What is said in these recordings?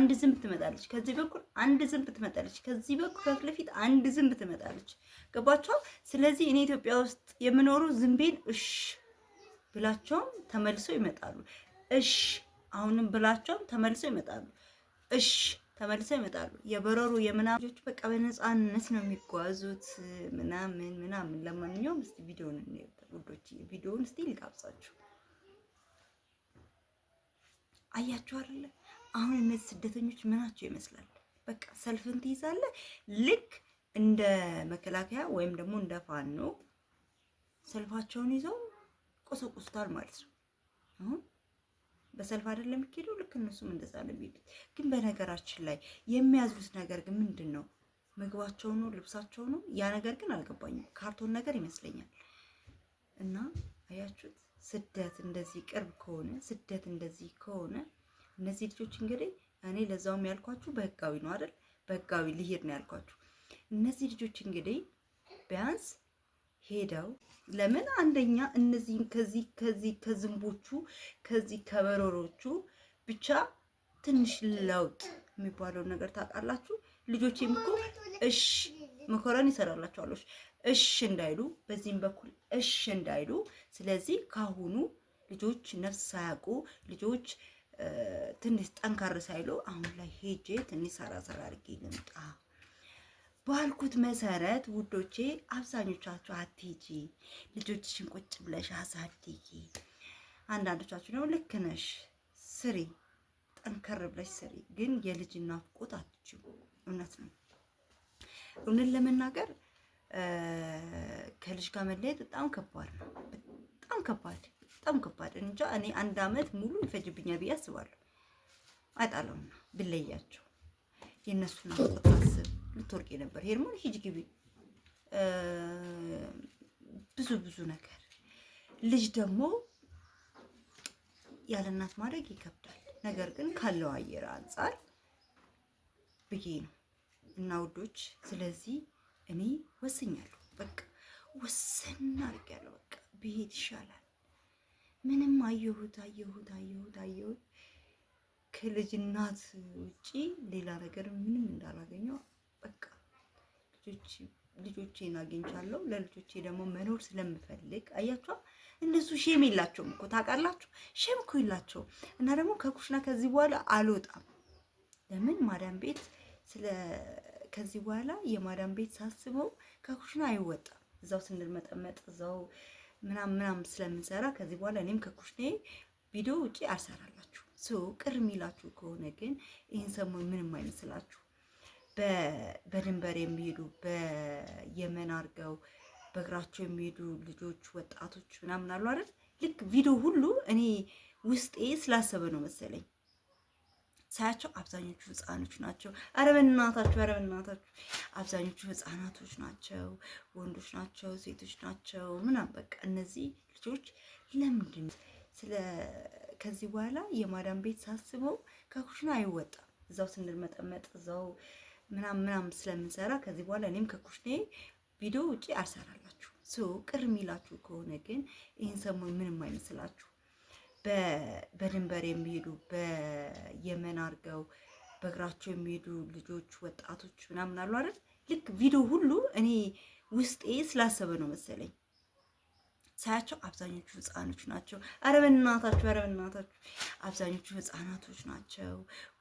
አንድ ዝንብ ትመጣለች፣ ከዚህ በኩል አንድ ዝንብ ትመጣለች፣ ከዚህ በኩል ከፊት ለፊት አንድ ዝንብ ትመጣለች። ገባቸው። ስለዚህ እኔ ኢትዮጵያ ውስጥ የምኖሩ ዝንቤን እሽ ብላቸውም ተመልሰው ይመጣሉ። እሽ አሁንም ብላቸውም ተመልሰው ይመጣሉ። እሽ ተመልሰው ይመጣሉ። የበረሩ የምናጆች በቃ በነፃነት ነው የሚጓዙት ምናምን ምናምን። ለማንኛውም ቪዲዮን ቪዲዮውን ውዶች፣ ቪዲዮን እስቲ ልጋብዛችሁ። አያችሁ አሁን እነዚህ ስደተኞች ምናቸው ይመስላል? በቃ ሰልፍን ትይዛለህ። ልክ እንደ መከላከያ ወይም ደግሞ እንደ ፋኖ ሰልፋቸውን ይዘው ቆሰቁሱታል ማለት ነው። አሁን በሰልፍ አይደለም የሚሄደው። ልክ እነሱም እንደዛ ነው የሚሄዱት። ግን በነገራችን ላይ የሚያዝሉት ነገር ግን ምንድን ነው? ምግባቸው ነው፣ ልብሳቸው ነው። ያ ነገር ግን አልገባኝም። ካርቶን ነገር ይመስለኛል። እና አያችሁት፣ ስደት እንደዚህ ቅርብ ከሆነ ስደት እንደዚህ ከሆነ እነዚህ ልጆች እንግዲህ እኔ ለዛውም ያልኳችሁ በህጋዊ ነው አይደል? በህጋዊ ልሄድ ነው ያልኳችሁ። እነዚህ ልጆች እንግዲህ ቢያንስ ሄደው ለምን አንደኛ እነዚህን ከዚህ ከዚህ ከዝንቦቹ ከዚህ ከበረሮቹ ብቻ ትንሽ ለውጥ የሚባለው ነገር ታውቃላችሁ። ልጆች እኮ እሽ መኮረን ይሰራላችኋለች እሽ እንዳይሉ በዚህም በኩል እሽ እንዳይሉ። ስለዚህ ካሁኑ ልጆች ነፍስ ሳያውቁ ልጆች ትንሽ ጠንከር ሳይሉ አሁን ላይ ሄጄ ትንሽ ሰራ ሰራ አድርጌ ልምጣ ባልኩት መሰረት ውዶቼ፣ አብዛኞቻችሁ አትሂጂ፣ ልጆችሽን ቁጭ ብለሽ አሳድጊ። አንዳንዶቻችሁ ደግሞ ልክ ነሽ፣ ስሪ፣ ጠንከር ብለሽ ስሪ። ግን የልጅ ናፍቆት አትችሉ። እውነት ነው። እውነት ለመናገር ከልጅ ጋር መለየት በጣም ከባድ ነው። በጣም ከባድ በጣም ከባድ እንጃ። እኔ አንድ አመት ሙሉ ይፈጅብኛል ብዬ አስባለሁ። አይጣለውና ብለያቸው የእነሱን አስብ ልትወርቅ ነበር። ሄርሞን ሂጅ ግቢ፣ ብዙ ብዙ ነገር። ልጅ ደግሞ ያለ እናት ማድረግ ይከብዳል። ነገር ግን ካለው አየር አንጻር ብዬ ነው እና ውዶች፣ ስለዚህ እኔ ወስኛለሁ። በቃ ወሰን አድርጌያለሁ። በቃ ብሄድ ይሻላል። ምንም አየሁት አየሁት አየሁት አየሁት ከልጅናት ውጪ ሌላ ነገር ምንም እንዳላገኘው በቃ ልጆች ልጆቼን አግኝቻለሁ። ለልጆቼ ደግሞ መኖር ስለምፈልግ አያችኋ፣ እነሱ ሼም የላቸውም እኮ ታውቃላችሁ፣ ሼም እኮ የላቸውም። እና ደግሞ ከኩሽና ከዚህ በኋላ አልወጣም። ለምን ማዳም ቤት ስለ ከዚህ በኋላ የማዳም ቤት ሳስበው ከኩሽና አይወጣም። እዛው ስንመጠመጥ እዛው ምናም ምናም ስለምንሰራ ከዚህ በኋላ እኔም ከኩሽኔ ቪዲዮ ውጪ አልሰራላችሁ። ቅር የሚላችሁ ከሆነ ግን ይህን ሰሞን ምንም አይመስላችሁ። በድንበር የሚሄዱ በየመን አድርገው በእግራቸው የሚሄዱ ልጆች፣ ወጣቶች ምናምን አሉ አይደል? ልክ ቪዲዮ ሁሉ እኔ ውስጤ ስላሰበ ነው መሰለኝ ሳያቸው አብዛኞቹ ህፃኖች ናቸው። ኧረ በእናታችሁ ኧረ በእናታችሁ አብዛኞቹ ህፃናቶች ናቸው፣ ወንዶች ናቸው፣ ሴቶች ናቸው ምናምን በቃ እነዚህ ልጆች ለምንድን ስለ ከዚህ በኋላ የማዳም ቤት ሳስበው ከኩሽና አይወጣም። እዛው ስንመጠመጥ እዛው ምናም ምናም ስለምንሰራ ከዚህ በኋላ እኔም ከኩሽኔ ቪዲዮ ውጪ አልሰራላችሁ። ቅር የሚላችሁ ከሆነ ግን ይህን ሰሞን ምንም አይመስላችሁ በድንበር የሚሄዱ በየመን አድርገው በእግራቸው የሚሄዱ ልጆች ወጣቶች ምናምን አሉ አይደል? ልክ ቪዲዮ ሁሉ እኔ ውስጤ ስላሰበ ነው መሰለኝ ሳያቸው አብዛኞቹ ህፃኖች ናቸው። ኧረ በእናታችሁ በእናታችሁ አብዛኞቹ ህፃናቶች ናቸው፣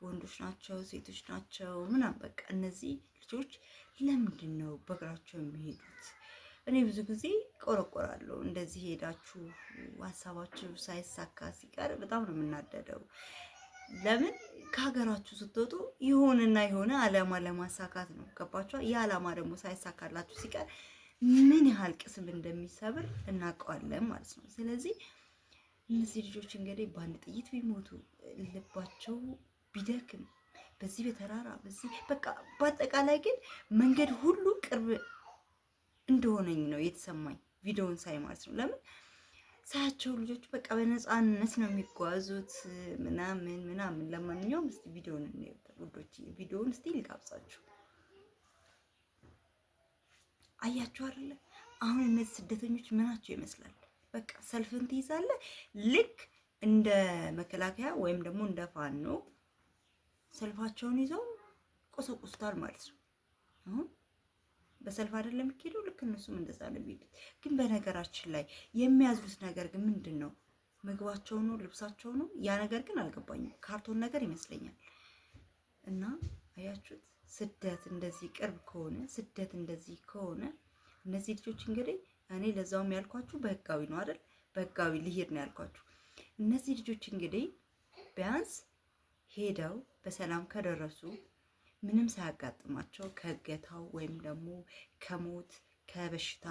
ወንዶች ናቸው፣ ሴቶች ናቸው ምናምን በቃ እነዚህ ልጆች ለምንድን ነው በእግራቸው የሚሄዱት? እኔ ብዙ ጊዜ ቆረቆራለሁ። እንደዚህ ሄዳችሁ ሀሳባችሁ ሳይሳካ ሲቀር በጣም ነው የምናደደው። ለምን ከሀገራችሁ ስትወጡ የሆነና የሆነ አላማ ለማሳካት ነው። ገባችኋል? ይህ አላማ ደግሞ ሳይሳካላችሁ ሲቀር ምን ያህል ቅስም እንደሚሰብር እናውቀዋለን ማለት ነው። ስለዚህ እነዚህ ልጆች እንግዲህ በአንድ ጥይት ቢሞቱ ልባቸው ቢደክም በዚህ በተራራ በዚህ በቃ በአጠቃላይ ግን መንገድ ሁሉ ቅርብ እንደሆነኝ ነው የተሰማኝ ቪዲዮውን ሳይ ማለት ነው። ለምን ሳያቸው ልጆቹ በቃ በነፃነት ነው የሚጓዙት ምናምን ምናምን። ለማንኛውም እስቲ ቪዲዮውን እንየው ውዶች፣ ቪዲዮውን እስቲ ልጋብዛችሁ። አያችሁ አይደለ? አሁን እነዚህ ስደተኞች ምናቸው ይመስላል? በቃ ሰልፍን ትይዛለ ልክ እንደ መከላከያ ወይም ደግሞ እንደ ፋኖ ሰልፋቸውን ይዘው ቆሰቁስታል ማለት ነው አሁን በሰልፍ አይደለም የሚሄደው። ልክ እነሱም እንደዛ ነው የሚሄዱት። ግን በነገራችን ላይ የሚያዝሉት ነገር ግን ምንድን ነው? ምግባቸው ነው? ልብሳቸው ነው? ያ ነገር ግን አልገባኝም። ካርቶን ነገር ይመስለኛል። እና አያችሁት፣ ስደት እንደዚህ ቅርብ ከሆነ ስደት እንደዚህ ከሆነ እነዚህ ልጆች እንግዲህ እኔ ለዛውም ያልኳችሁ በህጋዊ ነው አይደል? በህጋዊ ልሄድ ነው ያልኳችሁ። እነዚህ ልጆች እንግዲህ ቢያንስ ሄደው በሰላም ከደረሱ ምንም ሳያጋጥማቸው ከእገታው ወይም ደግሞ ከሞት ከበሽታ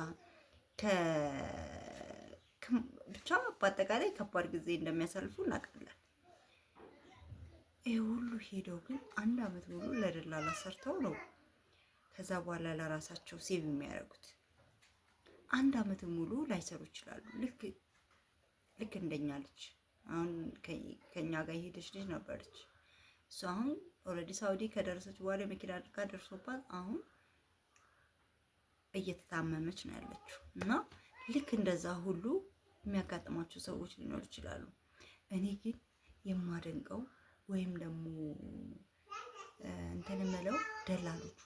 ብቻ በአጠቃላይ ከባድ ጊዜ እንደሚያሳልፉ እናውቃለን። ይህ ሁሉ ሄደው ግን አንድ አመት ሙሉ ለደላላ ሰርተው ነው ከዛ በኋላ ለራሳቸው ሴቭ የሚያደርጉት። አንድ አመት ሙሉ ላይሰሩ ይችላሉ። ልክ ልክ እንደኛ ልጅ አሁን ከኛ ጋር የሄደች ልጅ ነበረች። እሱ አሁን ኦልሬዲ ሳውዲ ከደረሰች በኋላ የመኪና አደጋ ደርሶባት አሁን እየተታመመች ነው ያለችው። እና ልክ እንደዛ ሁሉ የሚያጋጥማቸው ሰዎች ሊኖሩ ይችላሉ። እኔ ግን የማደንቀው ወይም ደግሞ እንትን የምለው ደላሎቹ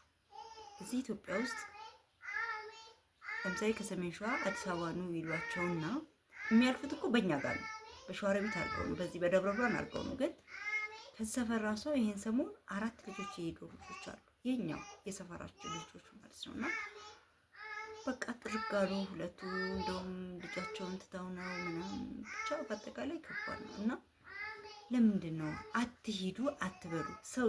እዚህ ኢትዮጵያ ውስጥ ለምሳሌ ከሰሜን ሸዋ አዲስ አበባ ነው ይሏቸውና የሚያልፉት እኮ በእኛ ጋር ነው። በሸዋረቢት ረቢት ነው፣ በዚህ በደብረ ብርሃን አድርገው ነው ግን ከሰፈር ራሱ ይሄን ሰሞን አራት ልጆች የሄዱ ልጆች አሉ። የኛው የሰፈራቸው ልጆች ማለት ነው። እና በቃ ጥርጋሉ ሁለቱ እንደውም ልጃቸውን ትተው ነው ምናምን ብቻ በአጠቃላይ ከባድ ነው። እና ለምንድን ነው አትሂዱ አትበሉ። ሰው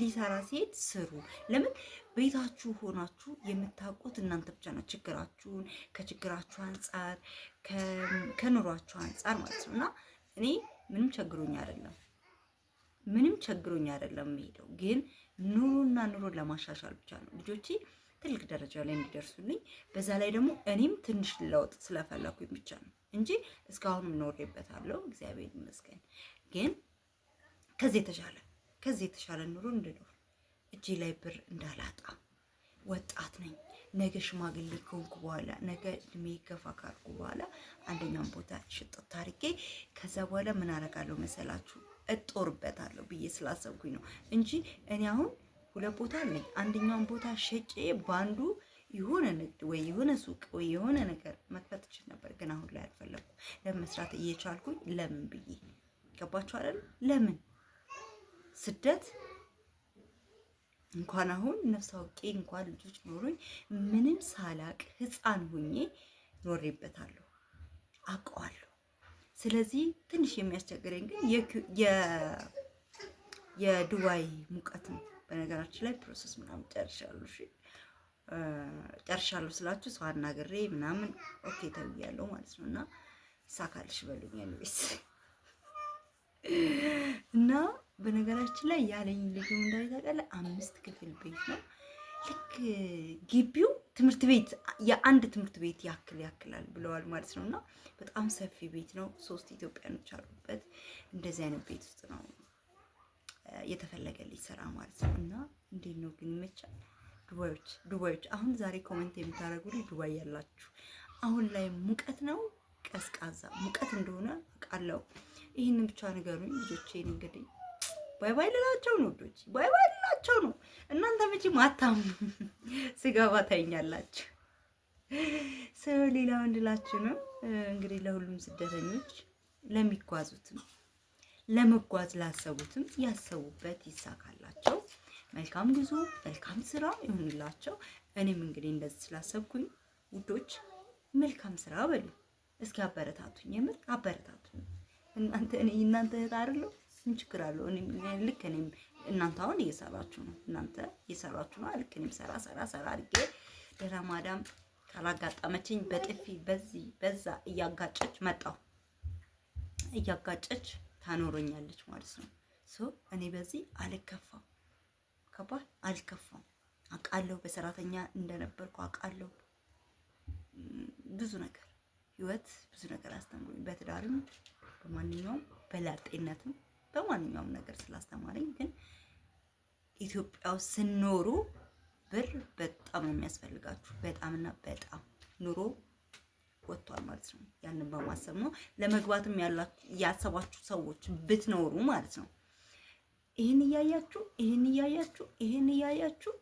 ሊሰራ ሲሄድ ስሩ። ለምን ቤታችሁ ሆናችሁ የምታውቁት እናንተ ብቻ ነው ችግራችሁን፣ ከችግራችሁ አንጻር ከኑሯችሁ አንጻር ማለት ነው እና እኔ ምንም ቸግሮኝ አይደለም ምንም ቸግሮኝ አይደለም የምሄደው፣ ግን ኑሮና ኑሮ ለማሻሻል ብቻ ነው ልጆቼ ትልቅ ደረጃ ላይ እንዲደርሱልኝ በዛ ላይ ደግሞ እኔም ትንሽ ለውጥ ስለፈለኩኝ ብቻ ነው እንጂ እስካሁንም ኖሬበታለሁ፣ እግዚአብሔር ይመስገን። ግን ከዚህ የተሻለ ከዚህ የተሻለ ኑሮ እንድኖር እጄ ላይ ብር እንዳላጣ ወጣት ነኝ። ነገ ሽማግሌ ከሆንኩ በኋላ ነገ እድሜ ገፋ ካልኩ በኋላ አንደኛውን ቦታ ሽጥት አድርጌ ከዛ በኋላ ምን አደርጋለሁ መሰላችሁ እጦርበታለሁ ብዬ ስላሰብኩኝ ነው እንጂ እኔ አሁን ሁለት ቦታ አለኝ። አንደኛውን ቦታ ሸጬ በአንዱ የሆነ ንግድ ወይ የሆነ ሱቅ ወይ የሆነ ነገር መክፈት እችል ነበር፣ ግን አሁን ላይ አልፈለኩም። ለመስራት እየቻልኩኝ ለምን ብዬ ገባችሁ አይደል? ለምን ስደት እንኳን አሁን ነፍስ አውቄ እንኳን ልጆች ኖሮኝ ምንም ሳላቅ ህፃን ሁኜ ኖሬበታለሁ፣ አውቀዋለሁ። ስለዚህ ትንሽ የሚያስቸግረኝ ግን የዱባይ ሙቀት ነው። በነገራችን ላይ ፕሮሰስ ምናምን ጨርሻሉ ጨርሻሉ ስላችሁ ሰው አናግሬ ምናምን ኦኬ ተብያለሁ ማለት ነው። እና ይሳካልሽ በሉኝ ያለቤት እና በነገራችን ላይ ያለኝ ልጅ እንዳይታቀለ አምስት ክፍል ቤት ነው ልክ ግቢው ትምህርት ቤት የአንድ ትምህርት ቤት ያክል ያክላል ብለዋል ማለት ነው። እና በጣም ሰፊ ቤት ነው። ሶስት ኢትዮጵያኖች አሉበት። እንደዚህ አይነት ቤት ውስጥ ነው የተፈለገልኝ ስራ ማለት ነው። እና እንዴት ነው ግን መቻል ዱባዮች ዱባዮች፣ አሁን ዛሬ ኮመንት የምታደርጉልኝ ዱባይ ያላችሁ አሁን ላይ ሙቀት ነው ቀዝቃዛ ሙቀት እንደሆነ አውቃለሁ። ይህንን ብቻ ንገሩኝ ልጆቼን። እንግዲህ ባይ ባይ ልላቸው ነው ልጆች፣ ባይ ባይ ልላቸው ነው። እናንተ መቼም አታምኑ ስገባ ታይኛላችሁ። ሰው ሌላ ወንድላችሁ ነው እንግዲህ ለሁሉም ስደተኞች ለሚጓዙትም ለመጓዝ ላሰቡትም ያሰቡበት ይሳካላቸው። መልካም ጉዞ፣ መልካም ስራ ይሁንላቸው። እኔም እንግዲህ እንደዚህ ስላሰብኩኝ ውዶች መልካም ስራ በሉ። እስኪ አበረታቱኝ፣ የምር አበረታቱኝ። እናንተ እኔ እናንተ እህት አይደለሁ ምን ችግር አለው? ልክ እኔም እናንተ አሁን እየሰራችሁ ነው፣ እናንተ እየሰራችሁ ነው። ልክ እኔም ሰራ ሰራ ሰራ አድርጌ ደህና ማዳም ካላጋጠመችኝ በጥፊ በዚህ በዛ እያጋጨች መጣሁ፣ እያጋጨች ታኖረኛለች ማለት ነው። ሶ እኔ በዚህ አልከፋም፣ ከባድ አልከፋም። አውቃለሁ በሰራተኛ እንደነበርኩ አውቃለሁ። ብዙ ነገር ህይወት ብዙ ነገር አስተምሮኝ በትዳርም በማንኛውም በላጤነትም በማንኛውም ነገር ስላስተማረኝ። ግን ኢትዮጵያ ውስጥ ስኖሩ ብር በጣም ነው የሚያስፈልጋችሁ። በጣምና በጣም ኑሮ ወጥቷል ማለት ነው። ያንን በማሰብ ነው ለመግባትም ያሰባችሁ ሰዎች ብትኖሩ ማለት ነው። ይህን እያያችሁ ይህን እያያችሁ ይህን እያያችሁ